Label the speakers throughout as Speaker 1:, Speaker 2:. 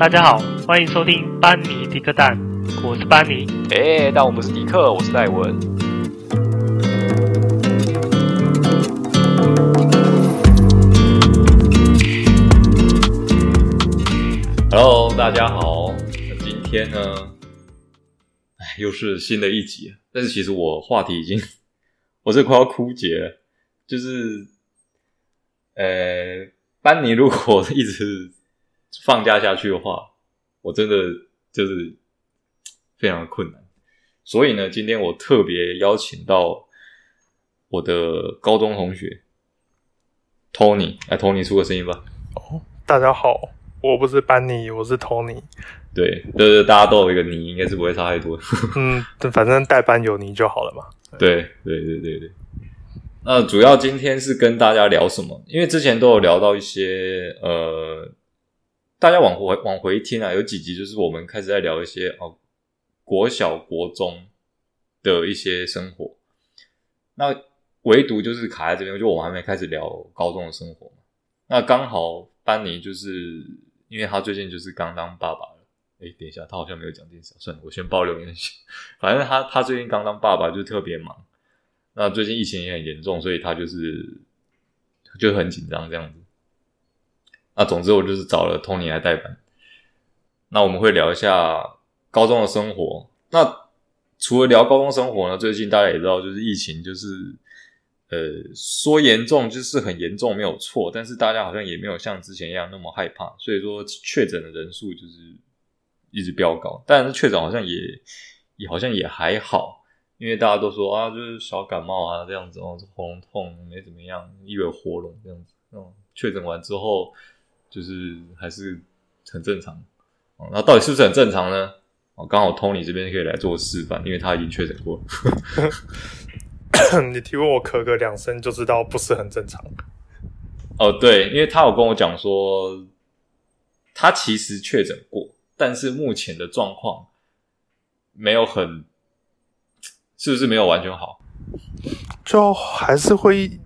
Speaker 1: 大家好，歡迎收聽班尼迪克蛋，我是班尼。誒、
Speaker 2: 欸、但我不是迪克，我是戴文。Hello，大家好。今天呢？哎、呃，又是新的一集。但是其實我話題已經， 我這快要枯竭了。就是，呃，班尼如果一直。放假下去的話，我真的就是非常困難。所以呢，今天我特別邀請到我的高中同學 Tony 來，哎，Tony 出個聲音吧。哦，
Speaker 1: 大家好，我不是班尼，我是 Tony。對，
Speaker 2: 對、就、對是大家都有一個你，應該是不會差太多
Speaker 1: 的。 嗯，反正代班有你就好了
Speaker 2: 嘛。對，對對對對。那主要今天是跟大家聊什麼？因為之前都有聊到一些呃。大家往回往回聽啊，有幾集就是我們開始在聊一些哦，國小、國中的一些生活。那唯獨就是卡在這邊，就我，我們還沒開始聊高中的生活嘛。那剛好班尼就是因為他最近就是剛當爸爸了。哎，等一下，他好像沒有講這件事，算了，我先保留一下，反正他他最近剛當爸爸，就特別忙。那最近疫情也很嚴重，所以他就是就很緊張這樣子。那總之，我就是找了 Tony 來代班。那我們會聊一下高中的生活。那除了聊高中生活呢？最近大家也知道，就是疫情，就是呃，說嚴重就是很嚴重沒有錯，但是大家好像也沒有像之前一樣那麼害怕。所以說確診的人數就是一直飆高，但是確診好像也，也好像也還好，因為大家都說啊，就是小感冒啊這樣子哦，喉嚨痛沒怎麼樣，一尾活龍這樣子哦，嗯，確診完之後。就是還是很正常、哦、那到底是不是很正常呢？哦、剛好 Tony 這邊可以來做示範，因為他已經確診過
Speaker 1: 了。 你聽我咳個兩聲就知道不是很正常。
Speaker 2: 哦，對，因為他有跟我講說，他其實確診過，但是目前的狀況沒有很，
Speaker 1: 是不是沒有完全好，就還是會。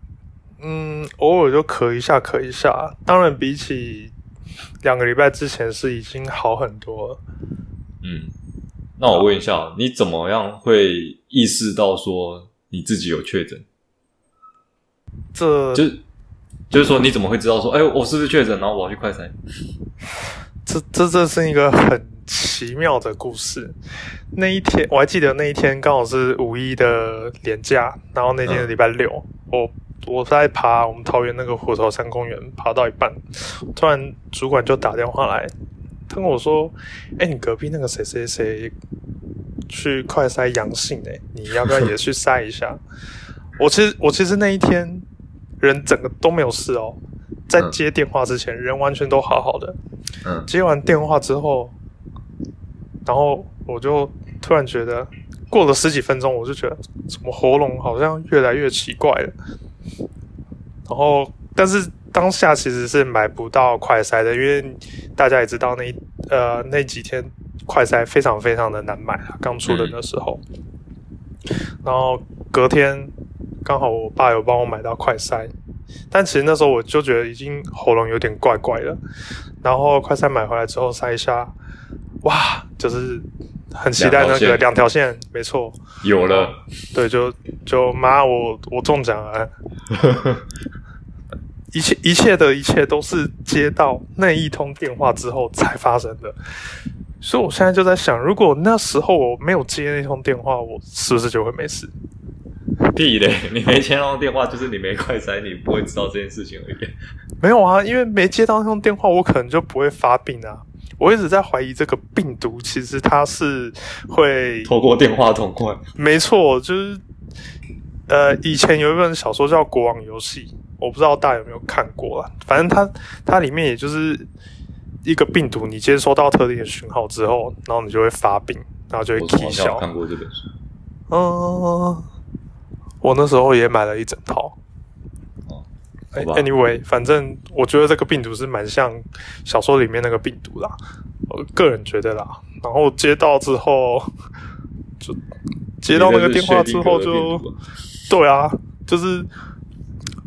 Speaker 1: 嗯，偶爾就咳一下，咳一下。當然，比起兩個禮拜之前是已經好很多了。
Speaker 2: 嗯，那我問一下，啊、你怎麼樣會意識到說你自己有確診？
Speaker 1: 這就就
Speaker 2: 是說，你怎麼會知道說，哎、
Speaker 1: 嗯欸，我是不是確診？然後我要去快篩。這這這是一個很奇妙的故事。那一天我還記得，那一天剛好是五一的連假，然後那天是禮拜六，嗯、我。我在爬我們桃園那個虎頭山公園，爬到一半，突然主管就打電話來，他跟我說：“哎、欸，你隔壁那個誰誰誰去快篩陽性哎、欸，你要不要也去篩一下？” 我其實我其實那一天人整個都沒有事哦，在接電話之前人完全都好好的。接完電話之後，然後我就突然覺得過了十幾分鐘，我就覺得什麼喉嚨好像越來越奇怪了。然後，但是當下其實是買不到快篩的，因為大家也知道那呃、那幾天快篩非常非常的難買，剛出的那時候，嗯。然後隔天剛好我爸有幫我買到快篩，但其實那時候我就覺得已經喉嚨有點怪怪了。然後快篩買回來之後篩一下，哇，就是。
Speaker 2: 很期待那個兩條線，線，沒錯，有了。嗯、
Speaker 1: 對，就就媽，我我中獎了，啊！ 一切一切的一切都是接到那一通電話之後才發生的，所以我現在就在想，如果那時候我沒有接那通電話，我是不是就會沒事？
Speaker 2: 屁嘞！你沒接到電話，就是你沒快篩，你不會知道這件事情而已。
Speaker 1: 沒有啊，因為沒接到那通電話，我可能就不會發病啊。我一直在懷疑這個病毒，其實它是會透過電
Speaker 2: 話筒過來。
Speaker 1: 沒錯，就是呃，以前有一本小說叫《國王遊戲》，我不知道大家有沒有看過啦，反正它它裡面也就是一個病毒，你接收到特定的訊號之後，然後你就會發病，然後就會起效。我從小看過這本書，嗯、uh，我那時候也買了一整套。Anyway，反正我覺得這個病毒是蠻像小說裡面那個病毒啦，我個人覺得啦。然後接到之後，就接到那個電話之後就，對啊，就是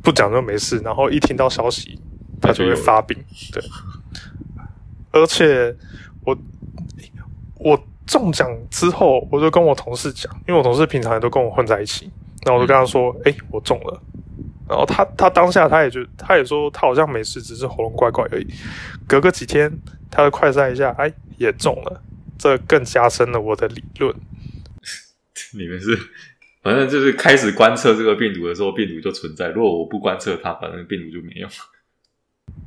Speaker 1: 不講就沒事，然後一聽到消息，他就會發病。對，而且我我中獎之後，我就跟我同事講，因為我同事平常也都跟我混在一起，那我就跟他說，哎、嗯欸，我中了。然後他他當下他也就他也說他好像沒事，只是喉嚨怪怪而已。隔個幾天，他的快篩一下，哎，也中了。這更加深了我的理論。
Speaker 2: 你們是反正就是開始觀測這個病毒的時候，病毒就存在。如果我不
Speaker 1: 觀測它，反正病毒就沒有。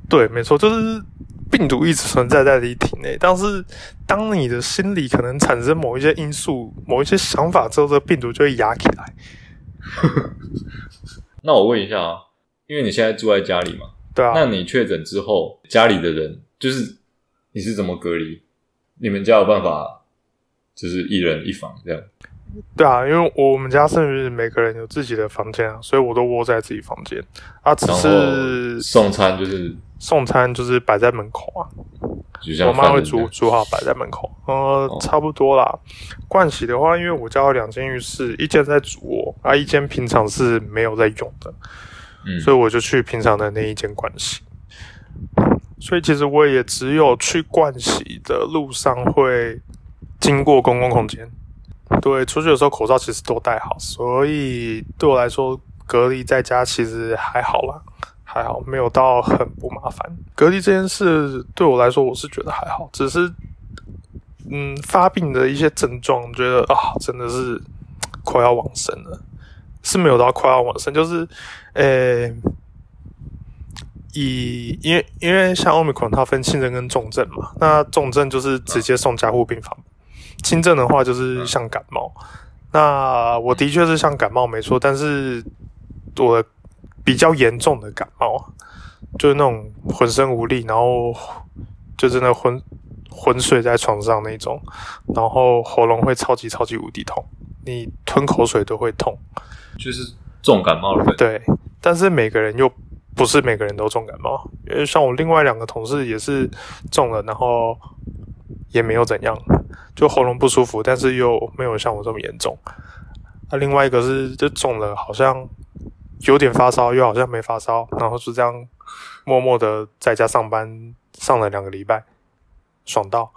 Speaker 1: 對，沒錯，就是病毒一直存在在你體內。但是當你的心裡可能產生某一些因素、某一些想法之後，這個、病毒就會壓起來。呵
Speaker 2: 呵。那我問一下啊，因為你現在住在家裡嘛。對啊，那你確診之後，家裡的人就是你是怎麼隔離？你們家有辦法，就是一人一房這樣？
Speaker 1: 對啊，因為我們家剩余每個人有自己的房間啊，所以我都窩在自己房間啊，只是
Speaker 2: 送餐就是。
Speaker 1: 送餐就是擺在門口
Speaker 2: 啊，我媽會煮煮好擺在門
Speaker 1: 口。呃、哦，差不多啦。盥洗的話，因為我家有兩間浴室，一間在主臥，啊，一間平常是沒有在用的，嗯，所以我就去平常的那一間盥洗。所以其實我也只有去盥洗的路上會經過公共空間。對，出去的時候口罩其實都戴好，所以對我來說隔離在家其實還好啦。還好，沒有到很不麻煩。隔離這件事對我來說，我是覺得還好。只是，嗯，發病的一些症狀，覺得啊，真的是快要往生了。是沒有到快要往生，就是，誒、欸，以因為因為像 Omicron，它分輕症跟重症嘛。那重症就是直接送加護病房，輕症的話就是像感冒。那我的確是像感冒沒錯，但是我。比較嚴重的感冒，就是那種渾身無力，然後就真的昏昏睡在床上那種，然後喉嚨會超級超級無敵痛，你吞口水都會痛，就是重感冒了。對，但是每個人又不是每個人都重感冒，因為像我另外兩個同事也是中了，然後也沒有怎樣，就喉嚨不舒服，但是又沒有像我這麼嚴重。那、啊、另外一個是就中了，好像。有點發燒，又好像沒發燒，然後就這樣，默默的在家上班上了兩個禮拜，爽到。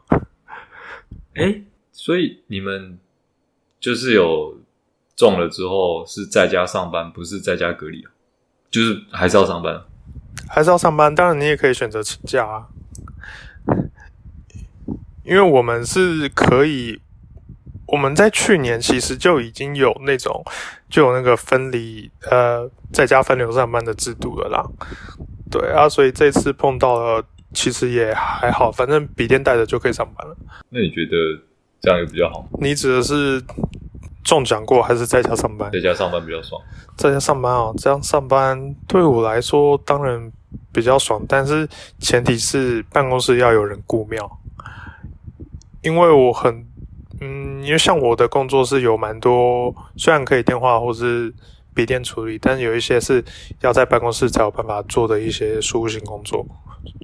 Speaker 2: 哎、欸，所以你們就是有中了之後是在家上班，不是在家隔離？啊，就是還是要上班？啊，還
Speaker 1: 是要上班。當然，你也可以選擇請假啊，因為我們是可以。我們在去年其實就已經有那種，就有那個分離呃，在家分流上班的制度了啦。對啊，所以這次碰到了，其實也還好，反正筆電帶着就可以上班了。
Speaker 2: 那你覺得這樣也比較好？
Speaker 1: 你指的是中獎過還是在家上班？在家上班比較爽。在家上班哦，這樣上班對我來說當然比較爽，但是前提是辦公室要有人顧廟，因為我很。嗯，因為像我的工作是有蠻多，雖然可以電話或是筆電處理，但是有一些是要在辦公室才有辦法做的一些輸入性工作，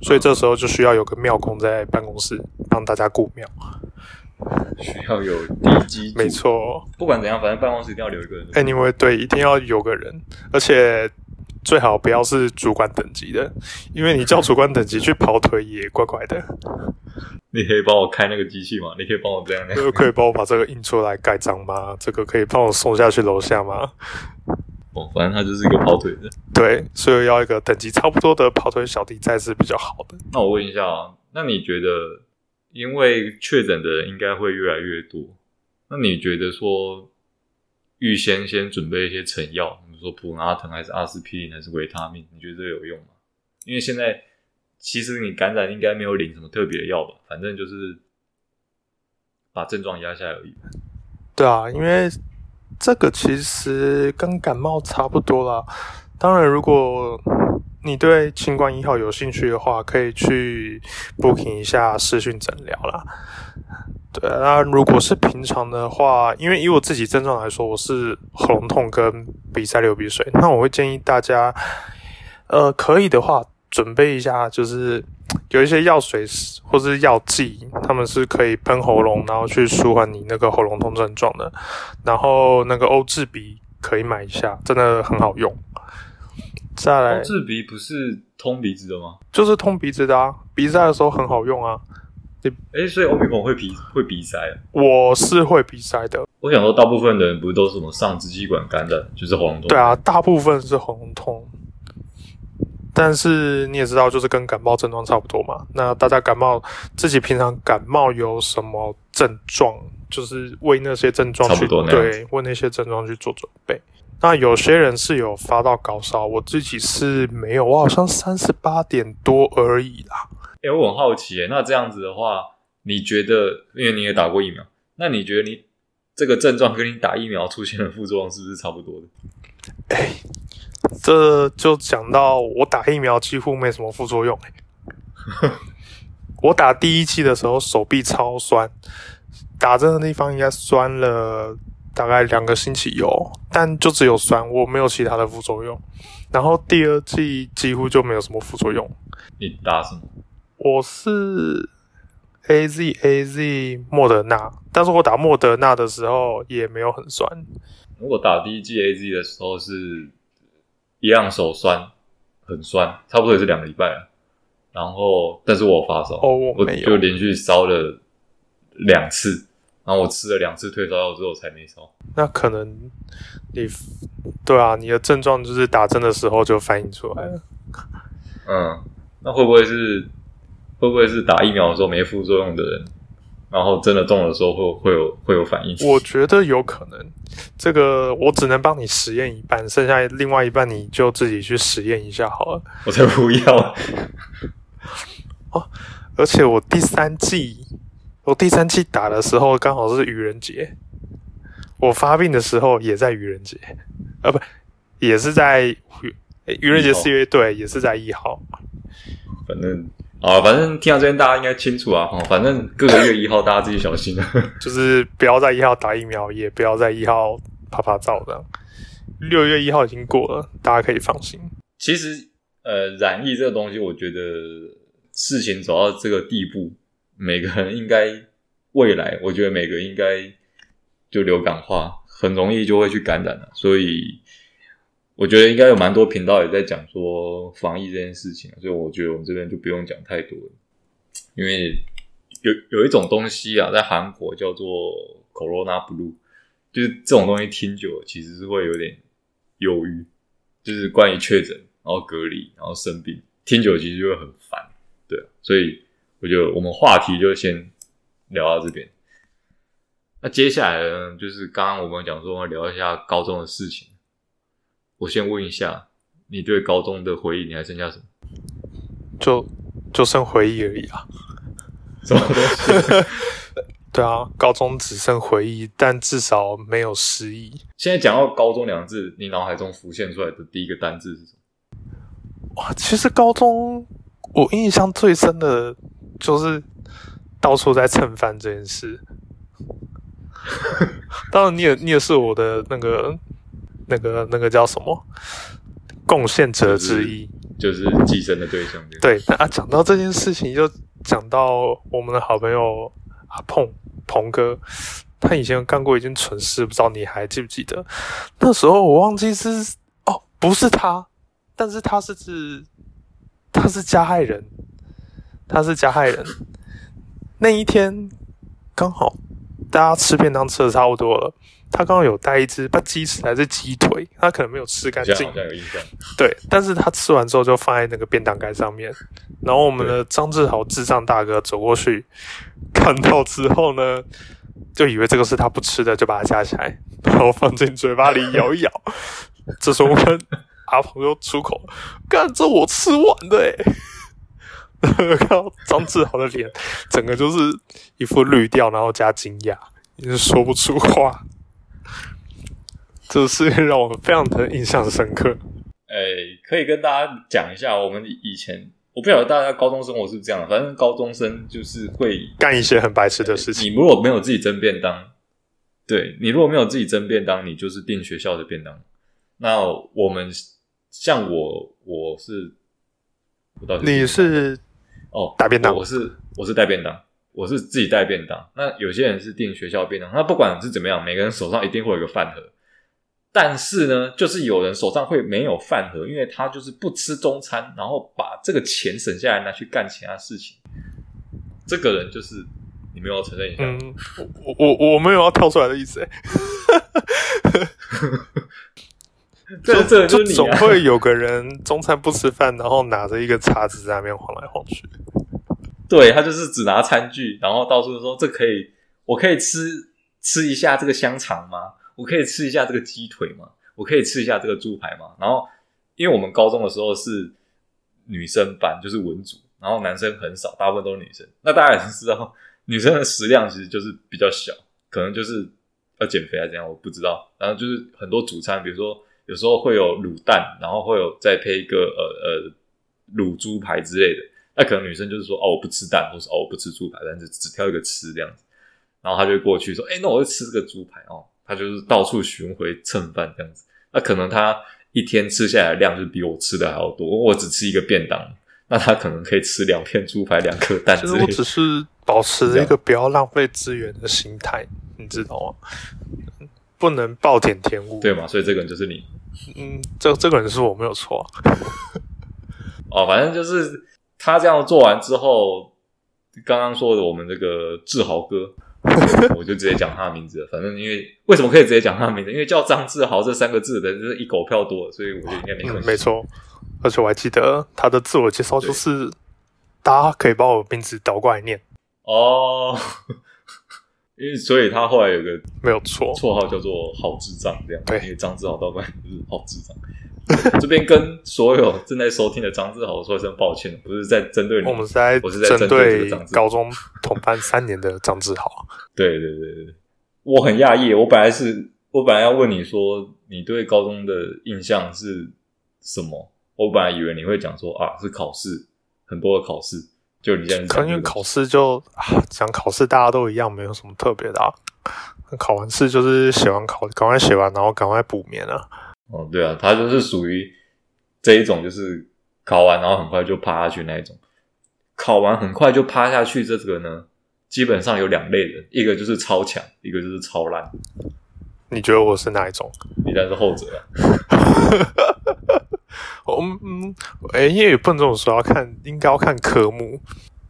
Speaker 1: 所以這時候就需要有個廟公在辦公室幫大家顧廟，需要有地基，沒錯。
Speaker 2: 不管怎樣，反正辦公室一定要留一個
Speaker 1: 人對對。Anyway，對，一定要有個人，而且最好不要是主管等級的，因為你叫主管等級去跑腿也怪怪的。
Speaker 2: 你可以幫我開那個機器嗎？你可以幫我這樣,這樣，就可以幫我把這個
Speaker 1: 印出來蓋章嗎？這個可以幫我送下去樓下嗎？
Speaker 2: 哦、喔，反正他就是一個跑腿的，
Speaker 1: 對，所以要一個等級差不多的跑腿小弟才是比較好的。那我問一下啊，
Speaker 2: 那你覺得，因為確診的人應該會越來越多，那你覺得說，預先先準備一些成藥，比如說普拿疼、還是阿司匹林、還是維他命，你覺得這有用嗎？因為現在。其實你感染應該沒有領什麼特別的藥吧，反正就是把症狀壓下來而已。
Speaker 1: 對啊，因為這個其實跟感冒差不多啦。當然，如果你對清冠一號有興趣的話，可以去 booking 一下視訊診療啦。對啊，如果是平常的話，因為以我自己症狀來說，我是喉嚨痛跟鼻塞流鼻水，那我會建議大家，呃，可以的話。準備一下，就是有一些藥水或是藥劑，他們是可以噴喉嚨，然後去舒緩你那個喉嚨痛症狀的。然後那個歐治鼻可以買一下，真的很好用。再來，歐治鼻不是通鼻子的嗎？就是通鼻子的啊，鼻塞的時候很好用啊。你、欸、所以歐鼻孔會鼻會鼻塞，啊？我是會鼻塞的。我
Speaker 2: 想說，大部分的人不是都是什麼上支氣管乾的就是喉嚨痛。對啊，
Speaker 1: 大部分是喉嚨痛。但是你也知道，就是跟感冒症狀差不多嘛。那大家感冒自己平常感冒有什麼症狀？就是為那些症狀去，差不多。對，為那些症狀去做準備。那有些人是有發到高燒，我自己是沒有，我好像三十八點多而已啦。
Speaker 2: 誒、欸，我很好奇、欸，那這樣子的話，你覺得，因為你也打過疫苗，那你覺得你這個症狀跟你打疫苗出現的副作用是不是差不多的？誒。
Speaker 1: 這就講到我打疫苗幾乎沒什麼副作用，欸。哎， 我打第一劑的時候手臂超酸，打針的地方應該酸了大概兩個星期有，但就只有酸，我沒有其他的副作用。然後第二劑幾乎就沒有什麼副作用。你打什麼？我是 AZ、AZ 莫德納，但是我打莫德納的時候也沒有很酸。
Speaker 2: 如果打第一劑 AZ 的時候是。一樣手酸，很酸，差不多也是兩個禮拜了。然後，但是我發燒，哦，我就連續燒了兩次，然後我吃了兩次退燒藥之後才沒燒。
Speaker 1: 那可能你，對啊，你的症狀就是打針的時候就反映出來了。嗯，
Speaker 2: 那會不會是會不會是打疫苗的時候沒副作用的人？然後真的動了的時候會有會有會有反應，我
Speaker 1: 覺得有可能。這個我只能幫你實驗一半，剩下，另外一半你就自己去實驗一下好了。我才不要！ 哦，而且我第三劑我第三劑打的時候剛好是愚人節，我發病的時候也在愚人節，啊不，也是在愚愚人節四月對，也是在一號。反正。啊、哦，反正聽到這邊大家應該清楚
Speaker 2: 啊。哦、反正各個月一號大家自己小心，
Speaker 1: 就是不要在一號打疫苗，也不要在一號拍拍照。這樣。六月一號已經過了，大家可以放心。
Speaker 2: 其實，呃，染疫這個東西，我覺得事情走到這個地步，每個人應該未來，我覺得每個人應該就流感化，很容易就會去感染了、啊，所以。我覺得應該有蠻多頻道也在講說防疫這件事情，所以我覺得我們這邊就不用講太多了，因為有有一種東西啊，在韓國叫做 “Corona Blue”，就是這種東西聽久了其實是會有點憂鬱，就是關於確診、然後隔離、然後生病，聽久其實就會很煩，對啊，所以我覺得我們話題就先聊到這邊。那接下來呢，就是剛剛我們我講說要聊一下高中的事情。我先問一下，你對高
Speaker 1: 中的回憶，你還剩下什麼？就就剩回憶而已啊。 什麼東西？ 對啊，高中只剩回憶，但至少沒
Speaker 2: 有失憶。現在講到高中兩個字，你腦海中浮現出來的第一個單字是什麼？
Speaker 1: 哇，其實高中我印象最深的就是到處在蹭飯這件事。 當然，你也，你也是我的那個。那個那個叫什麼？貢獻者之一、就
Speaker 2: 是、就是寄生的對象。
Speaker 1: 對，對啊，講到這件事情，就講到我們的好朋友阿碰鵬哥，他以前幹過一件蠢事，不知道你還記不記得？那時候我忘記是哦，不是他，但是他是指他是加害人，他是加害人。 那一天剛好大家吃便當吃的差不多了。他剛剛有帶一隻，把雞翅還是雞腿？他可能沒有吃乾淨，對。但是他吃完之後就放在那個便當蓋上面，然後我們的張志豪智障大哥走過去看到之後呢，就以為這個是他不吃的，就把它夾起來，然後放進嘴巴裡咬一咬。 這時候我跟阿鵬就出口：“幹， 這我吃完的、欸。”然後看到張志豪的臉，整個就是一副綠調，然後加驚訝，已經是說不出話。這個事情讓我非常的印象深刻。
Speaker 2: 哎，可以跟大家講一下，我們以前，我不曉得大家高中生活是這樣，反正高中生就是會幹一些很白痴的事情、哎。你如果沒有自己蒸便當，對，你如果沒有自己蒸便當，你就是訂學校的便當。那我們像我，我是我到底是你是哦大便當，我是我是帶便當。我是自己帶便當，那有些人是訂學校便當，那不管是怎麼樣，每個人手上一定會有一個飯盒。但是呢，就是有人手上會沒有飯盒，因為他就是不吃中餐，然後把這個錢省下來拿去幹其他事情。這個人就是你們有沒有承認一下？嗯、
Speaker 1: 我我我沒有要跳出來的意思 的就是、啊。就這總會有個人中餐不吃飯，然後拿着一個叉子在那邊晃來晃去。對他就是只拿
Speaker 2: 餐具，然後到處說：“這可以，我可以吃吃一下這個香腸嗎？我可以吃一下這個雞腿嗎？我可以吃一下這個豬排嗎？”然後，因為我們高中的時候是女生班，就是文組，然後男生很少，大部分都是女生。那大家也知道，女生的食量其實就是比較小，可能就是要減肥啊，怎樣？我不知道。然後就是很多主餐，比如說有時候會有滷蛋，然後會有再配一個呃呃滷豬排之類的。那可能女生就是說哦，我不吃蛋，或是哦，我不吃豬排，但是只挑一個吃這樣子，然後他就過去說，哎、欸，那我就吃這個豬排哦，他就是到處巡迴蹭飯這樣子。那、啊、可能他一天吃下來的量就比我吃的還要多，我只吃一個便當，那他可能可以吃兩片豬排、兩顆蛋。就是、我只是
Speaker 1: 保持一個不要浪費資源的心態，你知道嗎？不能暴殄天物，對嗎？所以這個人就是你，嗯，這這個人是我沒有錯、
Speaker 2: 啊， 哦，反正就是。他這樣做完之後，剛剛說的我們這個志豪哥， 我就直接講他的名字了。反正因為為什麼可以直接講他的名字？因為叫張志豪這三個字的人、就是、一狗票多，所以我就應該沒、嗯、沒錯，而
Speaker 1: 且我還記得他的自我介紹就是：大家可以把我名字倒過來
Speaker 2: 念哦。Oh, 因為所以他後來有個沒有錯綽號叫做“好智障”這樣。對，對張志豪倒過來就是“好智障”。 這邊跟所有正在收聽的張志豪說一聲抱歉，不是在針對你，我們是在，針對我是在針對，針對高中同班三年的張志豪。 對對對對，我很訝異，我本來是我本來要問你說，你對高中的印象是什麼？我本來
Speaker 1: 以為你會講說啊，是考試很多的考試，就你現在講這個考試。因為考試就啊，講考試大家都一樣，沒有什麼特別的。啊。考完試就是寫完考，趕快寫完，然後趕快補眠啊。哦，對啊，他就是屬於這一種，就是
Speaker 2: 考完然後很快就趴下去那一種。考完很快就趴下去，這個呢，基本上有兩類人，一個就是超強，一個就是超爛。你覺
Speaker 1: 得我是哪一種？你該是後者啊。我 嗯，哎，因為有笨重的時候要看，應該要看科目。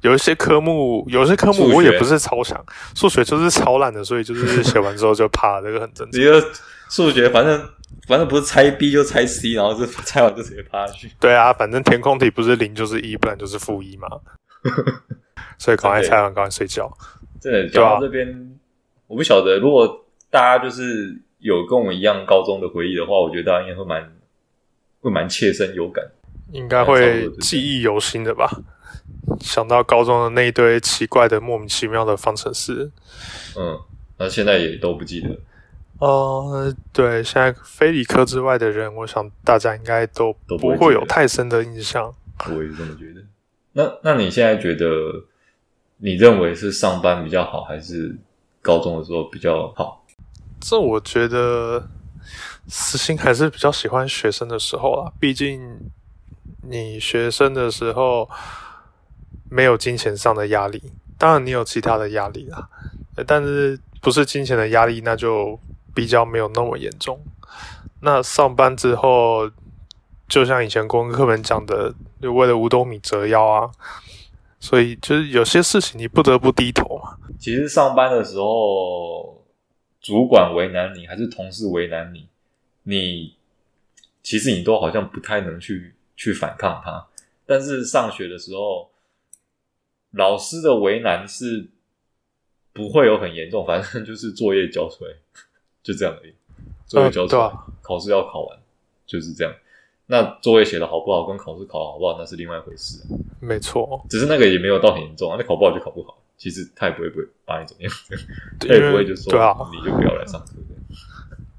Speaker 1: 有一些科目，有一些科目我也不是超強，數，數學就是超爛的，所以就是寫完之後就趴， 這個很正常。一個數學，反正。反正不是猜 B 就猜 C，然後是猜完就直接趴下去。對啊，反正填空題不是零就是一，不然就是負一嘛。 所以趕快猜完，趕快、okay. 趕快睡覺。真的，對啊。講到這邊我不曉得，如果大家就是
Speaker 2: 有跟我一樣高中的回憶的話，我覺得大家應該會蠻會蠻切身有感，
Speaker 1: 應該會記憶猶新的吧。 想到高中的那一堆奇怪的莫名其妙的方程式。嗯，那現在也都不記得。哦，uh，對，現在非理科之外的人，我想大家應該都不會有太深的印象。
Speaker 2: 我也這麼覺得。那，那你現在覺得，你認為是上班比較好，還是高中的時候比較好？
Speaker 1: 這我覺得，私心還是比較喜歡學生的時候啊。畢竟你學生的時候沒有金錢上的壓力，當然你有其他的壓力啦，但是不是金錢的壓力，那就。比較沒有那麼嚴重。那上班之後，就像以前國文課本講的，就為了五斗米折腰啊。所以就是有些事情你不得不低頭嘛、啊。其實上班的時候，主管為難你，還是
Speaker 2: 同事為難你，你其實你都好像不太能去去反抗他。但是上學的時候，老師的為難是不會有很嚴重，反正就是作業交出來。就這樣而已，
Speaker 1: 作業交
Speaker 2: 上，考試要考完，就是這樣。那作業寫的好不好，跟考試考好不好，那是另外一回事啊。沒錯，只是那個也沒有到很嚴重啊。那考不好就考不好，其實他也不會不會把你怎麼樣，對 他也不會就說對、啊、你就不要來上
Speaker 1: 課這樣。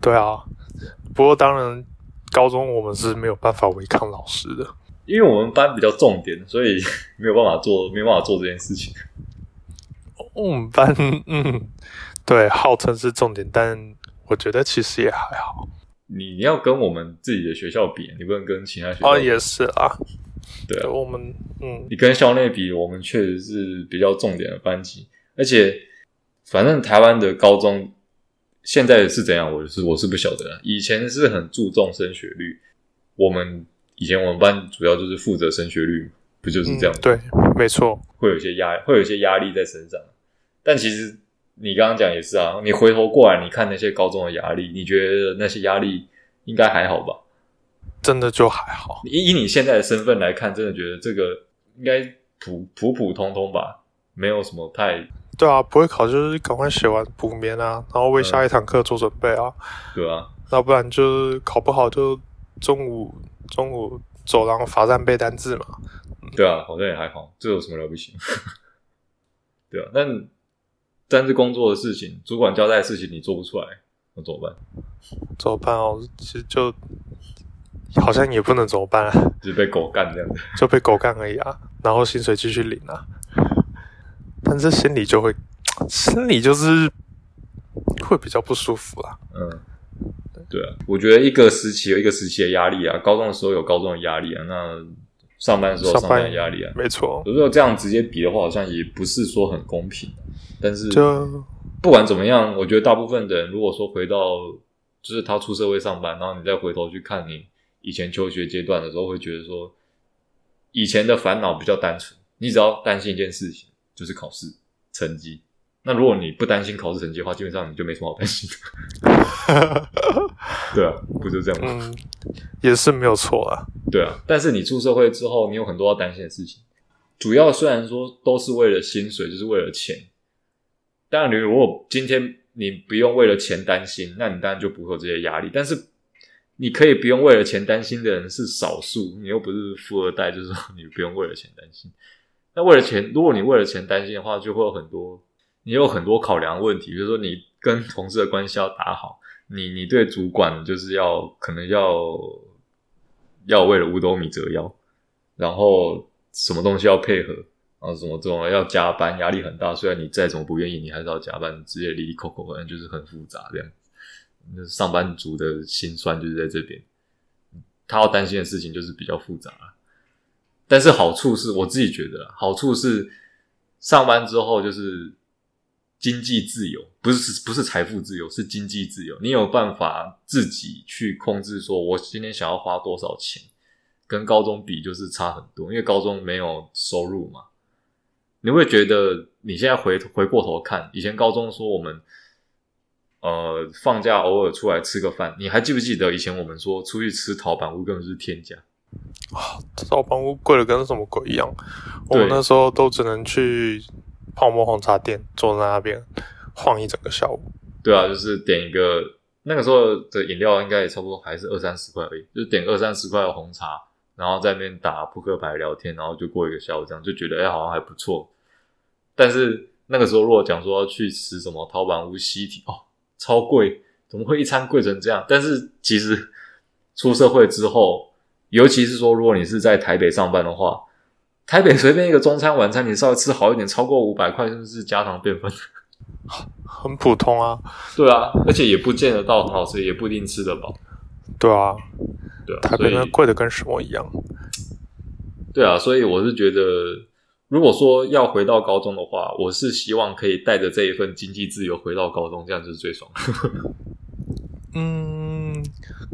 Speaker 1: 對啊，不過當然，高中我們是沒有辦法違抗老師的，
Speaker 2: 因為我們班比較重點，所以沒有辦法做沒有辦法做這件事情。
Speaker 1: 我、嗯、們班嗯，對，號稱是重點，但。我覺得其實也還好。你你要跟我們自己的學校比，你不能跟其他學校比。比、啊。也是啊。
Speaker 2: 對啊，我
Speaker 1: 們嗯，
Speaker 2: 你跟校內比，我們確實是比較重點的班級。而且，反正台灣的高中現在是怎樣，我是我是不曉得。以前是很注重升學率，我們以前我們班主要就是負責升學率，不就是這樣？嗯，對，沒錯，會有一些壓，會有一些壓力在身上。但其實。你剛剛講也是啊，你回頭過來，你看那些高中的壓力，你覺得那些壓力應該還好吧？真的就還好。以以你現在的身份來看，真的覺得這個應該普普普通通吧，沒有什麼
Speaker 1: 太……對啊，不會考就是趕快寫完補眠啊，然後為下一堂課做準備啊。嗯、對啊，那不然就是考不好就中午中午走廊罰站背單字嘛。
Speaker 2: 對啊，好像也還好，這有什麼了不起？
Speaker 1: 對
Speaker 2: 啊，那。但是工作的事情，主管交代的事情你做不出來，
Speaker 1: 那怎麼辦？怎麼辦哦？其實就好像也不能怎麼辦啊，就是被狗幹這樣子，就被狗幹而已啊。然後薪水繼續領啊，但是心裡就會，心裡就是會比較不舒服啦、
Speaker 2: 啊。嗯，對啊，我覺得一個時期有一個時期的壓力啊，高中的時候有高中的壓力啊，那。上班的時候，上班的壓力啊，沒錯。如果這樣直接比的話，好像也不是說很公平。但是不管怎麼樣，我覺得大部分的人，如果說回到就是他出社會上班，然後你再回頭去看你以前求學階段的時候，會覺得說以前的煩惱比較單純，你只要擔心一件事情，就是考試成績。那如果你不擔心考試成績的話，基本上你就沒什麼好擔心
Speaker 1: 的。 對啊，不就這樣嗎？嗯，也是沒有錯啊。對啊，
Speaker 2: 但是你出社會之後，你有很多要擔心的事情。主要雖然說都是為了薪水，就是為了錢。當然，你如果今天你不用為了錢擔心，那你當然就不會有這些壓力。但是你可以不用為了錢擔心的人是少數，你又不是富二代，就是說你不用為了錢擔心。那為了錢，如果你為了錢擔心的話，就會有很多。你有很多考量問題，比如說你跟同事的關係要打好，你你對主管就是要可能要要為了五斗米折腰，然後什麼東西要配合，然後什麼這種要加班，壓力很大。雖然你再怎麼不願意，你還是要加班，直接哩哩叩叩，反正就是很複雜這樣。上班族的心酸就是在這邊，他要擔心的事情就是比較複雜啦。但是好處是我自己覺得啦，好處是上班之後就是。經濟自由不是，不是財富自由，是經濟自由。你有辦法自己去控制，說我今天想要花多少錢，跟高中比就是差很多，因為高中沒有收入嘛。你會覺得你現在回，回過頭看，以前高中說我們呃放假偶爾出來吃個飯，你還記不記得以前我們說出去吃陶板屋根本是天價
Speaker 1: 啊，陶板屋貴的跟什麼鬼一樣，我們那時候都只能去，泡沫紅茶店坐在那邊晃一整個下午，
Speaker 2: 對啊，就是點一個那個時候的飲料，應該也差不多還是二三十塊而已，就點二三十塊的紅茶，然後在那邊打撲克牌聊天，然後就過一個下午，這樣就覺得哎、欸、好像還不錯。但是那個時候，如果講說要去吃什麼陶板屋西堤哦超貴，怎麼會一餐貴成這樣？但是其實出社會之後，尤其是說如果你是在台北上班的話。台北隨便一個中餐晚餐，你稍微吃好一點，超過五百塊，是不是家常便飯？
Speaker 1: 很普通啊。
Speaker 2: 對啊，而且也不見得到很好吃，所以也不一定吃得飽。
Speaker 1: 對啊，對啊，台北那貴的跟什麼一樣。
Speaker 2: 對啊，所以我是覺得，如果說要回到高中的話，我是希望可以帶着這一份經濟自由回到高中，這樣就是最爽的。 嗯，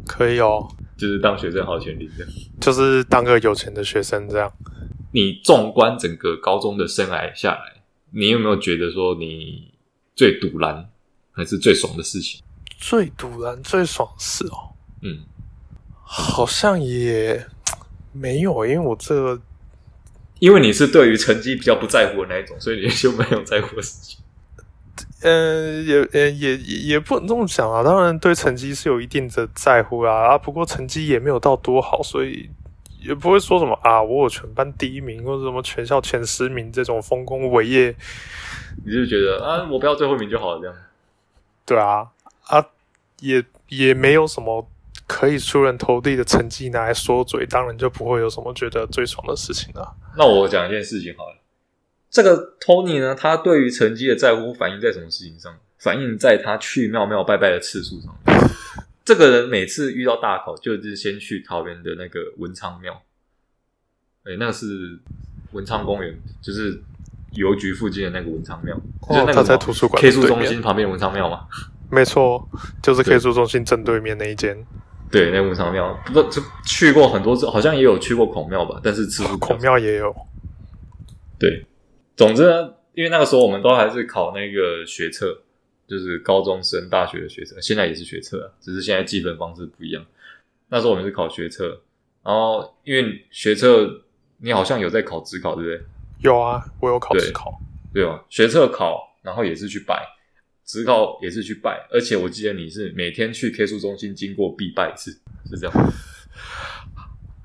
Speaker 2: 可以哦，就是當學生好權利這樣，
Speaker 1: 就是當個有
Speaker 2: 錢的學生這樣。你縱觀整個高中的生涯下來，你有沒有覺得說你最賭爛還是最爽的事情？
Speaker 1: 最賭爛最爽的是哦，嗯，好像也沒有，因為我這個，
Speaker 2: 因為你是對於成績比較不在乎的那一種，所以你就沒有在乎的事情。
Speaker 1: 嗯，也呃也也不能這麼想啊，當然對成績是有一定的在乎啊啊，不過成績也沒有到多好，所以。也不會說什麼啊，我有全班第一名，或者什麼全校前十名這種豐功偉業。你是不是覺得啊，我不要最後一名就好了，這樣？對啊，啊，也也沒有什麼可以出人頭地的成績拿來說嘴，當然就不會有什麼覺得最爽的事情了。
Speaker 2: 那我講一件事情好了，這個 Tony 呢，他對於成績的在乎反映在什麼事情上？反映在他去廟廟拜拜的次數上。這個人每次遇到大考，就是先去桃園的那個文昌廟，哎、欸，那個是文昌公園，就是郵局附近的那個文昌
Speaker 1: 廟。哦就是、那個在圖書館、K 書中心旁
Speaker 2: 邊文昌廟嗎？
Speaker 1: 哦、 沒錯，就是 K 書中心正對面那一間。
Speaker 2: 對，那個、文昌廟，不過，就去過很多次，好像也有去過孔廟吧，但是次數、哦、孔廟也有。對，總之呢，因為那個時候我們都還是考那個學測。就是高中生、大學的學生，現在也是學測、啊，只是現在計分方式不一樣。那時候我們是考學測，然後因為學測你好像有在考指考，對不對？有啊，我有考指考，對吧、啊？學測考，然後也是去拜，指考也是去拜，而且我記得你是每天去 K
Speaker 1: 書中心經過必拜一次，是這樣。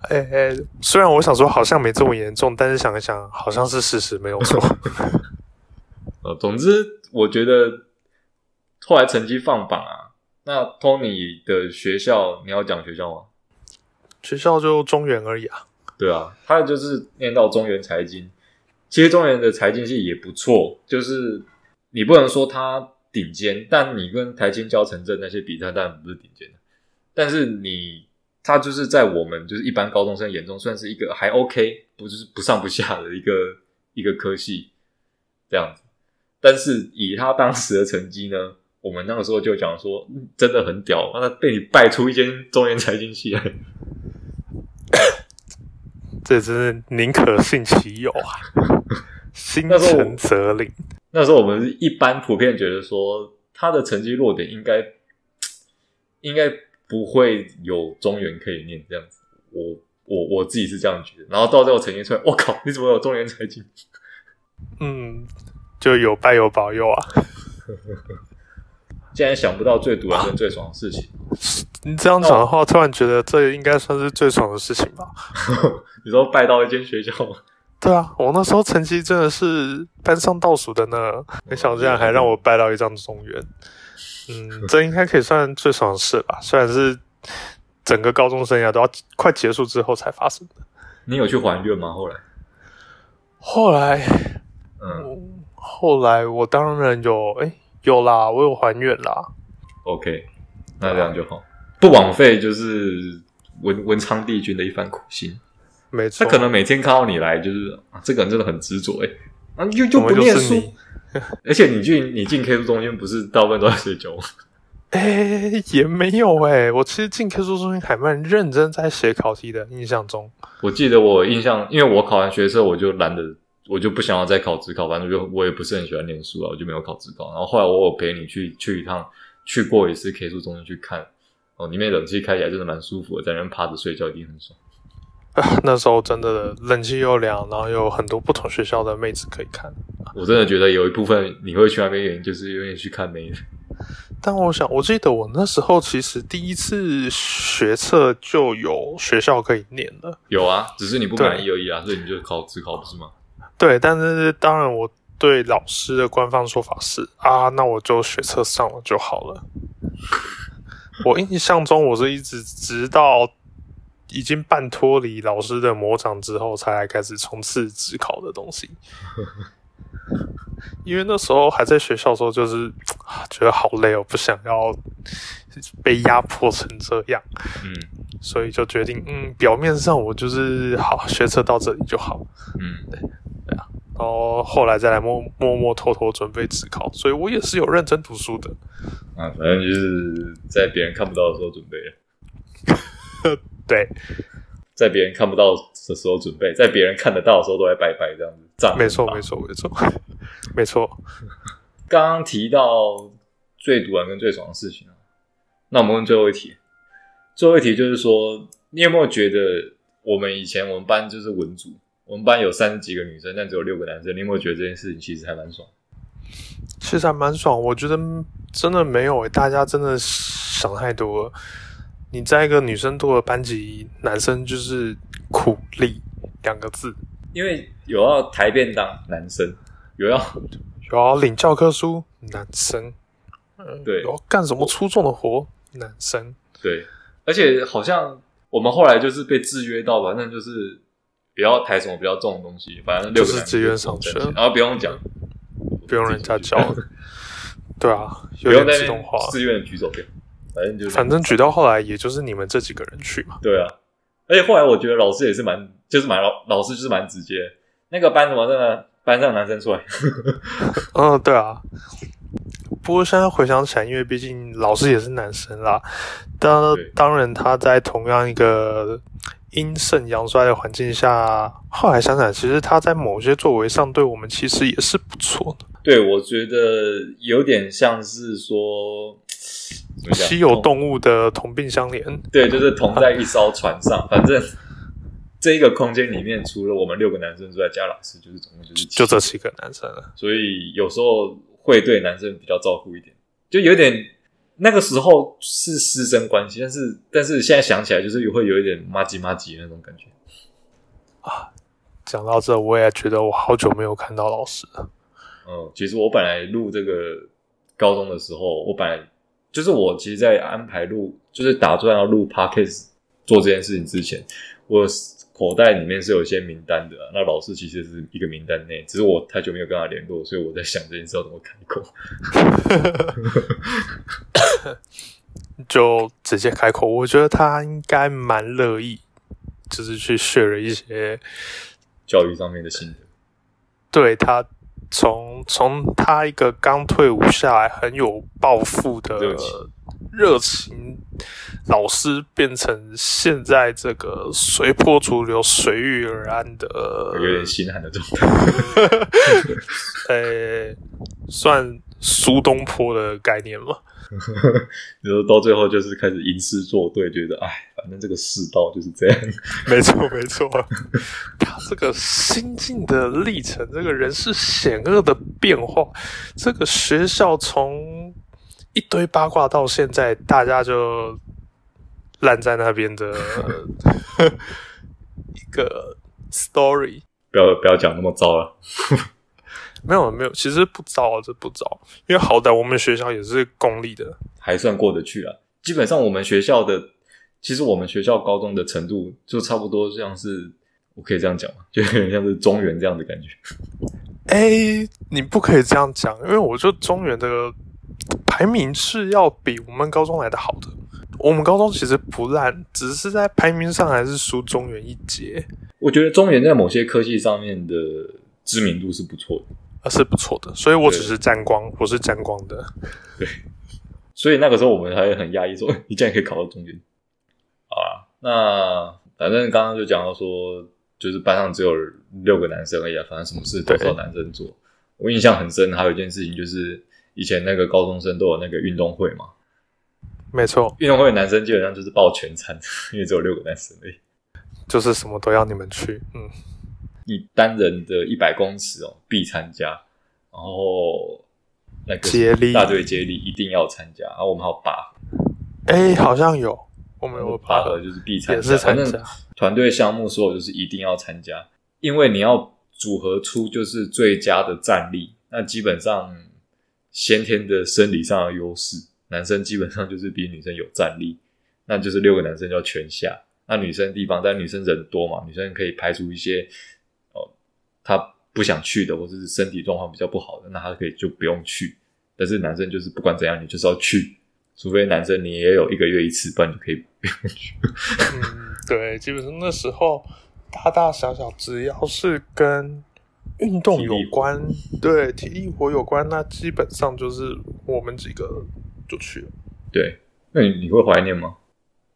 Speaker 1: 哎、欸、哎、欸，雖然我想說好像沒這麼嚴重，但是想一想，好像是事實，沒有錯。 呃，總之我覺得。後來成績放榜啊，那 Tony
Speaker 2: 的學校，你要講學校嗎？
Speaker 1: 學校就中原而已啊。
Speaker 2: 對啊，他就是念到中原財經，其實中原的財經系也不錯，就是你不能說他頂尖，但你跟台清交成政那些比，它當然不是頂尖的。但是你他就是在我們就是一般高中生眼中算是一個還 OK，不就是不上不下的一個一個科系這樣子。但是以他當時的成績呢？我們那個時候就講說，嗯、真的很屌，那
Speaker 1: 被你拜出一間中原財經系，這真是寧可信其有啊！ 心誠則靈那時候，那
Speaker 2: 時候我們一般普遍覺得說，他的成績落點，應該應該不會有中原可以念這樣子，我我我自己是這樣覺得。然後到最後成績出來，我、哦、靠，你怎麼有中原財經？嗯，就有
Speaker 1: 拜有保佑啊！ 竟然想不到最賭爛跟最爽的事情。啊、你這樣講的話，突然覺得這應該算是最爽的事情吧？哦、 你都拜到一間學校嗎？對啊，我那時候成績真的是班上倒數的呢、哦。沒想到竟然還讓我拜到一張中原嗯，嗯，這應該可以算最爽的事吧？雖然是整個高中生涯都要快結束之後才發生的。你有去還願嗎？後來？後來，嗯，後來我當然有。哎、欸。有啦，我有還願啦。OK，那這樣
Speaker 2: 就好，啊、不枉費就是文文昌帝君的一番苦心。沒錯，他可能每天看到你來，就是、啊、這個人真的很執着哎，
Speaker 1: 啊，又又不念書， 而且你進你進 K 書中心不是大部分都在睡覺？哎、欸，也沒有哎、欸，我其實進 K 書中心還蠻認真在寫考題的印象中。
Speaker 2: 我記得我印象，因為我考完學後我就懶得。我就不想要再考指考，反正就我也不是很喜歡念書啊，我就沒有考指考。然後後來我有陪你去去一趟，去過一次 K 書中心去看，哦，裡面冷氣開起來真的蠻舒服的，在那邊趴着睡覺一定很爽。
Speaker 1: 那時候真的冷氣又涼，然後有很多不同學校的妹子可以看。
Speaker 2: 我真的覺得有一部分你會去那邊的原因就是因為去看妹子。
Speaker 1: 但我想，我記得我那時候其實第一次學測就有學校可以念的。有啊，只是你不滿意而
Speaker 2: 已啊，所以你就考指考不是嗎？
Speaker 1: 對，但是當然，我對老師的官方說法是啊，那我就學測上了就好了。 我印象中，我是一直直到已經半脫離老師的魔掌之後，才開始衝刺指考的東西。 因為那時候還在學校的時候，就是、啊、覺得好累，我不想要被壓迫成這樣，嗯，所以就決定，嗯，表面上我就是好，學測到這裡就好，嗯，對。然後後來再來摸摸摸，偷偷準備指考，所以我也是有認真讀書的
Speaker 2: 啊。反正就是在別人看不到的時候準備， 對，在別人看不到的時候準備，在別人看得到的時候都來拜拜。這樣子，沒錯沒錯沒錯沒錯。沒錯沒錯沒錯 剛剛提到最賭爛跟最爽的事情，那我們問最後一題，最後一題就是說，你有沒有覺得我們以前我們班就是文組？我們班有三十幾個女生，但只有六個男生。你有沒有覺得這件事情其實還蠻爽？
Speaker 1: 其實還蠻爽。我覺得真的沒有誒，大家真的想太多了。你在一個女生多的班級，男生就是苦力兩個字。因為有要抬便當，男生；有要有要領教科書，男生；嗯，對，有要幹什麼粗重的活，男生。
Speaker 2: 對，而且好像我們後來就是被制約到，反正就是。不要抬什麼比較重的東西，反正六個就，就是自願上去，然後不用講，嗯、不用人
Speaker 1: 家教， 對
Speaker 2: 啊，有點自動化，自願舉手，反正就是，反正舉到後來也就是你們這幾個人去嘛。對啊，而且後來我覺得老師也是蠻，就是蠻老，老師就是蠻直接，那個班怎麼在那班上男生出
Speaker 1: 來？ 嗯、呃，對啊，不過現在回想起來，因為畢竟老師也是男生啦，當，當然他在同樣一個。陰盛陽衰的環境下，後來想想，其實他在某些作為上對我們其實也是不錯的。
Speaker 2: 對，我覺得有點像是說，稀有動物的同病相憐。對，就是同在一艘船上， 反正這一個空間裡面，除了我們六個男生之外，加老師就是總共就是就，就這七個男生了。所以有時候會對男生比較照顧一點，就有點。那個時候是師生關係，但是但是現在想起來，就是會有一點麻吉麻吉那種感覺
Speaker 1: 啊。講到這，我也覺得我好久沒有看到老師了。嗯，
Speaker 2: 其實我本來錄這個高中的時候，我本來就是我其實，在安排錄，就是打算要錄 Podcast 做這件事情之前，我。口袋裡面是有一些名單的，啊，那老師其實是一個名單內，只是我太久沒有跟他聯絡，所以我在想這件事要怎麼開口，
Speaker 1: 就直接開口。我覺得他應該蠻樂意，就是去學了一些教育上面的心得，對他。從從他一個剛退伍下來很有抱負的熱情老師，變成現在這個隨波逐流、隨遇而安的，有點心寒的狀態。呃、 欸，算蘇東坡的概念嗎？你 說到最後就是開始
Speaker 2: 吟詩作對，覺得哎，反正這個世道就是這樣。沒錯，沒錯。
Speaker 1: 他這個心境的歷程，這個人世險惡的變化，這個學校從一堆八卦到現在大家就爛在那邊的、呃、一個 story。不要不要講那麼糟了。 沒有沒有，其實不糟啊，這不糟，因為好歹我們學校也是公立的，
Speaker 2: 還算過得去啊。基本上我們學校的，其實我們學校高中的程度就差不多像是，我可以這
Speaker 1: 樣講嗎？就有點像是中原這樣的感覺。哎、欸，你不可以這樣講，因為我覺得中原的排名是要比我們高中來的好的。我們高中其實不爛，只是在排名上還是輸中原一截。我覺得
Speaker 2: 中原在某些科技上面的知名度是不錯的。還是不錯的，所以我只是沾光，我是沾光的。對，所以那個時候我們還很壓抑說，說你竟然可以考到中間。啊，那反正剛剛就講到說，就是班上只有六個男生而已，啊，反正什麼事都找男生做。我印象很深，還有一件事情，就是以前那個高中生都有那個運動會嘛。沒錯，運動會男生基本上就是報全餐，因為只有六個男生，而已，就是什麼都要你們去，嗯。單人的一百公尺哦，必參加，然後那個大隊接力一定要參加，然後我們還有拔河，
Speaker 1: 哎，好像有，我們
Speaker 2: 有拔河就是必參加，也是參加，反正團隊項目所有就是一定要參加，因為你要組合出就是最佳的戰力，那基本上先天的生理上的優勢，男生基本上就是比女生有戰力，那就是六個男生叫全下，那女生地方但女生人多嘛，女生可以排除一些。他不想去的，或者是身體狀況比較不好的，那他可以就不用去。但是男生就是不管怎樣，你就是要去，除非男生你也有一個月一次，不然你可以不用去。 嗯，
Speaker 1: 對，基本上那時候大大小小，只要是跟運動有關，體對體力活有關，那基本上就是我們幾個就去了。
Speaker 2: 對，那、嗯、你你會懷念嗎？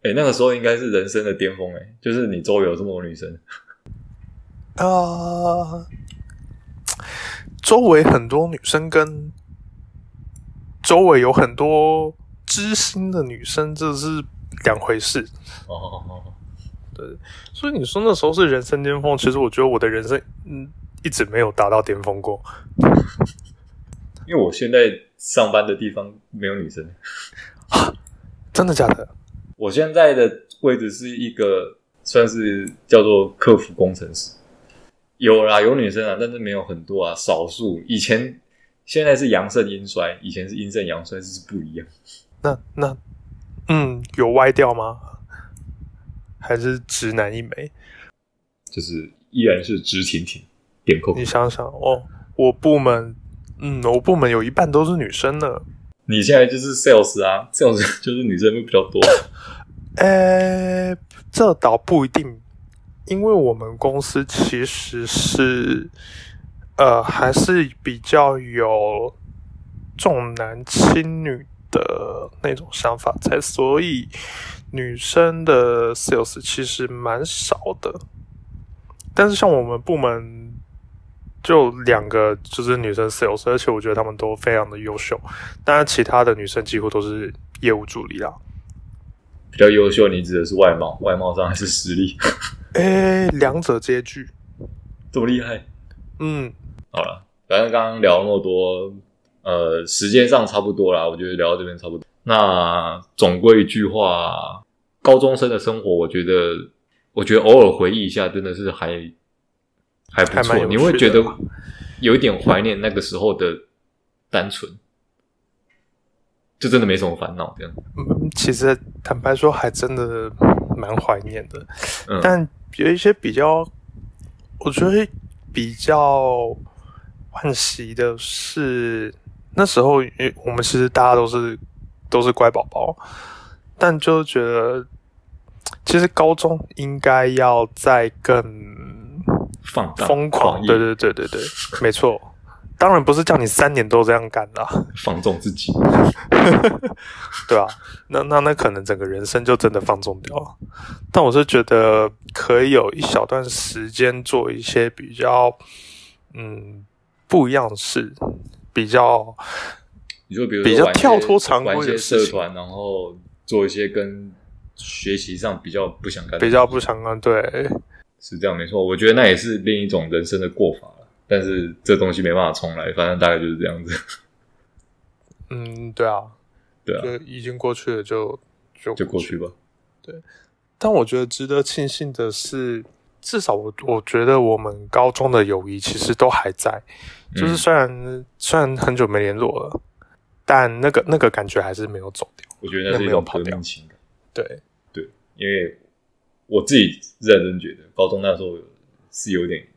Speaker 2: 哎，那個時候應該是人生的巔峰哎，就是你周圍有這麼多女生。
Speaker 1: 啊、uh，周圍很多女生，跟周圍有很多知心的女生，這是兩回事。哦、oh, oh, oh, oh. 對，所以你說那時候是人生巔峰，其實我覺得我的人生嗯一直沒有達到巔峰過，
Speaker 2: 因為我現在上班的地方沒有女生啊，
Speaker 1: 真的假的？
Speaker 2: 我現在的位置是一個算是叫做客服工程師。有啦，有女生啊，但是沒有很多啊，少數。以前，現在是
Speaker 1: 陽盛陰衰，以前是陰盛陽衰，這是不一樣。那那，嗯，有歪掉嗎？還是直男一枚？就是
Speaker 2: 依然是直挺挺，點扣
Speaker 1: 扣。你想想，哦，我部門，嗯，我部
Speaker 2: 門有一半都是女生呢。你現在就是 sales 啊，sales 就是女生會比較多。
Speaker 1: 呃、 欸，這倒不一定。因為我們公司其實是，呃，還是比較有重男輕女的那種想法，所以女生的 sales 其實蠻少的。但是像我們部門就兩個，就是女生 sales，而且我覺得她們都非常的優秀。當然，其他的女生幾乎都是業務助理啦。
Speaker 2: 比較優秀，你指的是外貌、外貌上還是實力？
Speaker 1: 哎，兩者皆具，
Speaker 2: 這麼厲害。嗯，好了，反正剛剛聊了那麼多，呃，時間上差不多啦，我覺得聊到這邊差不多。那總歸一句話，高中生的生活，我覺得，我覺得偶爾回憶一下，真的是還還不錯還。你會覺得有一點懷念那個時候的單純，就真的沒什麼煩惱這樣。
Speaker 1: 其實坦白說，還真的蠻懷念的，嗯。但。有一些比較，我覺得比較惋惜的是，那時候我們其實大家都是都是乖寶寶，但就覺得其實高中應該要再更放瘋狂一點，對對對對對， 沒錯。當然不是叫你三年都這樣幹的，放縱自己， 對啊，那那那，那可能整個人生就真的放縱掉了。但我是覺得可以有一小段時間做一些比較嗯不一樣的事，比較，你說比如比較跳脫常規的社團，然後做一些跟
Speaker 2: 學習上比較不相干、比較
Speaker 1: 不相干，對，
Speaker 2: 是這樣沒錯。我覺得那也是另一種人生的過法。但是這東西沒辦法重來，反正大概就是這樣子。嗯，
Speaker 1: 對啊，對啊，就已經過去了就，就就就過去吧。對，但我覺得值得慶幸的是，至少我我覺得我們高中的友誼其實都還在，就是雖然、嗯、雖然很久沒聯絡了，但那個那個感覺還是沒有走掉。我覺得那是一種革命情感，對
Speaker 2: 對，因為我自己認真覺得，
Speaker 1: 高中那時候是有點，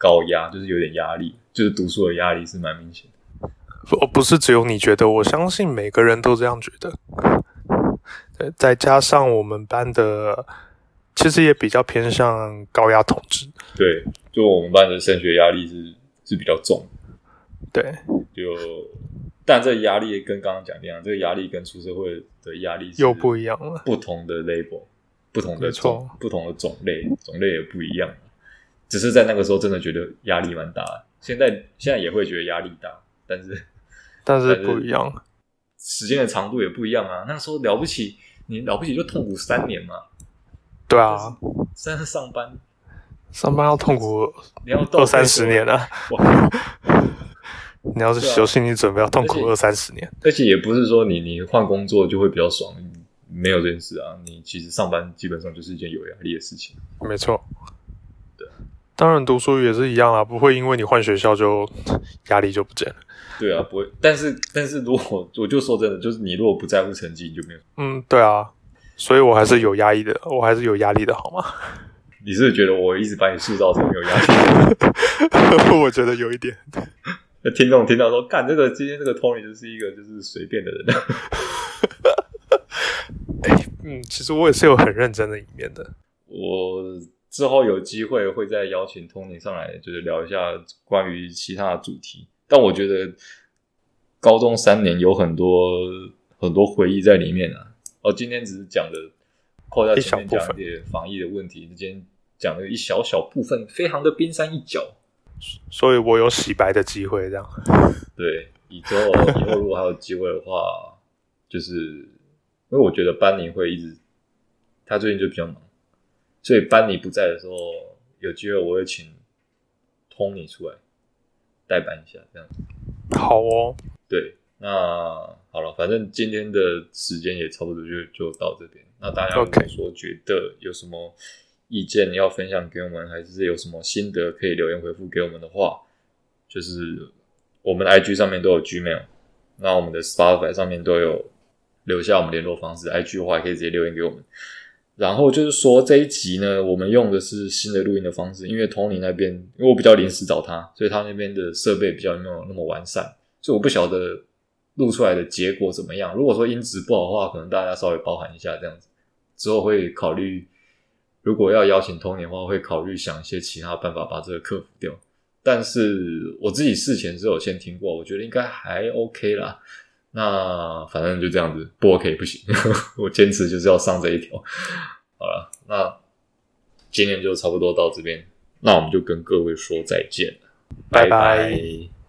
Speaker 1: 高壓，就是有點壓力，就是讀書的壓力是蠻明顯的。不，不是只有你覺得，我相信每個人都這樣覺得。對，再加上我們班的，其實也比較偏向高壓統治。對，就我們班的升學壓力是是比較重。對，就，
Speaker 2: 但這壓力也跟剛剛講的一樣，這個壓力跟出社會的壓力是不同的 label, 又不一樣了，不同的 label 不同的錯，不同的種類，種類也不一樣。只是在那個時候，真的覺得壓力蠻大的。現在現在也會覺得壓力大，但是
Speaker 1: 但是不一樣，
Speaker 2: 時間的長度也不一樣啊。那時候了不起，你了
Speaker 1: 不起就痛苦三年嘛。對啊，就是、現在上班，上班要痛苦，你要痛苦二三十年啊！你要是有心
Speaker 2: 理準備，要痛苦二三十年、啊而。而且也不是說你你換工作就會比較爽，沒有這件事啊。你其實上班基本上就是一件有壓力的事情。
Speaker 1: 沒錯。當然，讀書也是一樣啊，不會因為你換學校就壓力就不見了。對啊，
Speaker 2: 不會。但是，但是如果我就說真的，就是你如果不在乎成績，你就沒有。嗯，對啊，
Speaker 1: 所以我還是有壓力的，我還是有壓力的好嗎？你是不是覺得我一直把你塑造成沒有壓力？ 我覺得有一點。聽眾聽到說，幹這、那個
Speaker 2: 今天這個 Tony 就是一個就是隨便的人、 欸。
Speaker 1: 嗯，其實我也是有很認真的一面的。
Speaker 2: 我。之後有機會會再邀請 Tony 上來，就是聊一下關於其他的主題。但我覺得高中三年有很多很多回憶在裡面啊。哦，今天只是講的，靠在前面講一點防疫的問題，之間講了一小小部分，非常的冰山一角。所以我有洗白的機會，這樣。 對，以後以後如果還有機會的話， 就是因為我覺得班尼會一直，他最近就比較忙。所以班尼不在的時候，有機會我會請 Tony 出來代班一下，這樣子。好哦。對，那好了，反正今天的時間也差不多就，就就到這邊。那大家如果說覺得有什麼意見要分享給我們，還是有什麼心得可以留言回覆給我們的話，就是我們的 IG 上面都有 Gmail，那我們的 Firstory 上面都有留下我們聯絡方式，IG 的話也可以直接留言給我們。然後就是說這一集呢，我們用的是新的錄音的方式，因為 Tony 那邊，因為我比較臨時找他，所以他那邊的設備比較沒有那麼完善，所以我不曉得錄出來的結果怎麼樣。如果說音質不好的話，可能大家稍微包涵一下這樣子，之後會考慮如果要邀請 Tony 的話，會考慮想一些其他辦法把這個克服掉。但是我自己事前是有先聽過，我覺得應該還 OK 啦。那反正就這樣子，不 OK 不行，呵呵，我堅持就是要上這一條。好了，那今天就差不多到這邊，那我們就跟各位說再見，拜拜。拜拜。